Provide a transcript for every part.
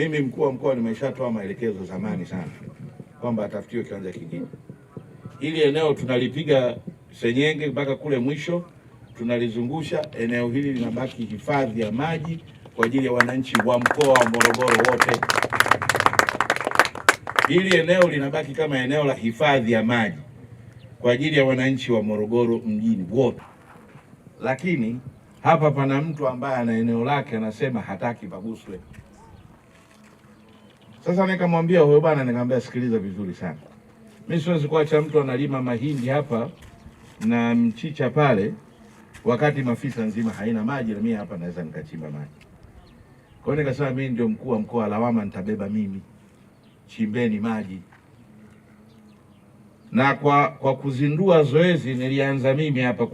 Mimi mkuu wa mkoa nimeshatoa maelekezo zamani sana kwamba atafutiwe kiwanja kingine. Hili eneo tunalipiga senyenge mpaka kule mwisho, tunalizungusha. Eneo hili linabaki hifadhi ya maji kwa ajili ya wananchi wa mkoa wa Morogoro wote. Hili eneo linabaki kama eneo la hifadhi ya maji kwa ajili ya wananchi wa Morogoro mjini wote, lakini hapa pana mtu ambaye ana eneo lake anasema hataki paguswe. Sasa nikamwambia huyo bwana, nikamwambia sikiliza vizuri sana, mimi siwezi kuacha mtu analima mahindi hapa na mchicha pale, wakati Mafisa nzima haina maji na mimi hapa naweza nikachimba maji. Kwa hiyo nikasema mimi ndio mkuu wa mkoa, lawama nitabeba mimi, chimbeni maji. Na kwa, kwa kuzindua zoezi nilianza mimi hapa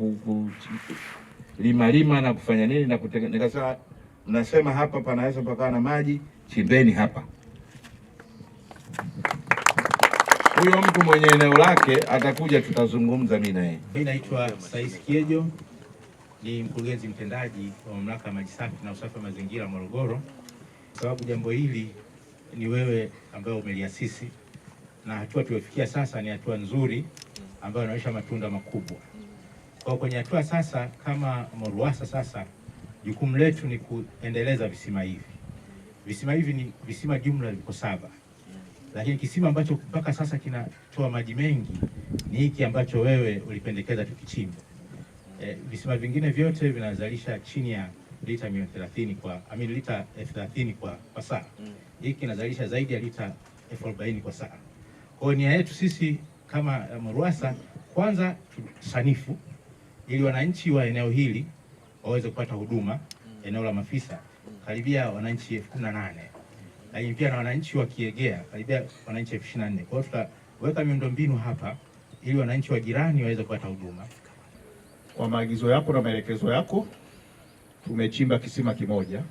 kulimalima na kufanya nini na nikasema, nasema hapa panaweza pakawa na maji, chimbeni hapa. huyo mtu mwenye eneo lake atakuja, tutazungumza mimi naye. Mimi naitwa Sais Kiejo, ni mkurugenzi mtendaji wa mamlaka ya maji safi na usafi wa mazingira Morogoro. sababu jambo hili ni wewe ambayo umeliasisi na hatua tuliofikia sasa ni hatua nzuri ambayo inaonyesha matunda makubwa. Kwa kwenye hatua sasa, kama MORUWASA sasa jukumu letu ni kuendeleza visima hivi. Visima hivi ni visima jumla viko saba lakini kisima ambacho mpaka sasa kinatoa maji mengi ni hiki ambacho wewe ulipendekeza tukichimbe. E, visima vingine vyote vinazalisha chini ya lita milioni 30 kwa amini lita elfu thelathini kwa, kwa saa. Mm. Hiki kinazalisha zaidi ya lita elfu arobaini kwa saa. Kwa nia yetu sisi kama MRUWASA kwanza tusanifu ili wananchi wa eneo hili waweze kupata huduma mm. eneo la Mafisa mm. karibia wananchi elfu kumi na nane lakini na wananchi wa Kiegea karibia wananchi elfu 24. Kwa hiyo tutaweka miundombinu hapa ili wananchi wa jirani waweze kupata huduma. Kwa maagizo yako na maelekezo yako tumechimba kisima kimoja,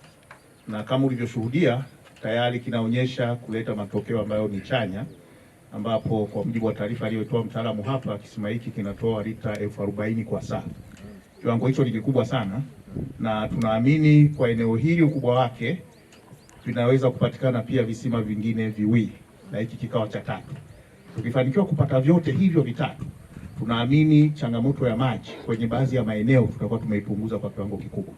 na kama ulivyoshuhudia tayari kinaonyesha kuleta matokeo ambayo ni chanya, ambapo kwa mujibu wa taarifa aliyotoa mtaalamu hapa, kisima hiki kinatoa lita elfu arobaini kwa saa. Kiwango hicho ni kikubwa sana, na tunaamini kwa eneo hili ukubwa wake vinaweza kupatikana pia visima vingine viwili na hiki kikao cha tatu. Tukifanikiwa kupata vyote hivyo vitatu, tunaamini changamoto ya maji kwenye baadhi ya maeneo tutakuwa tumeipunguza kwa kiwango kikubwa.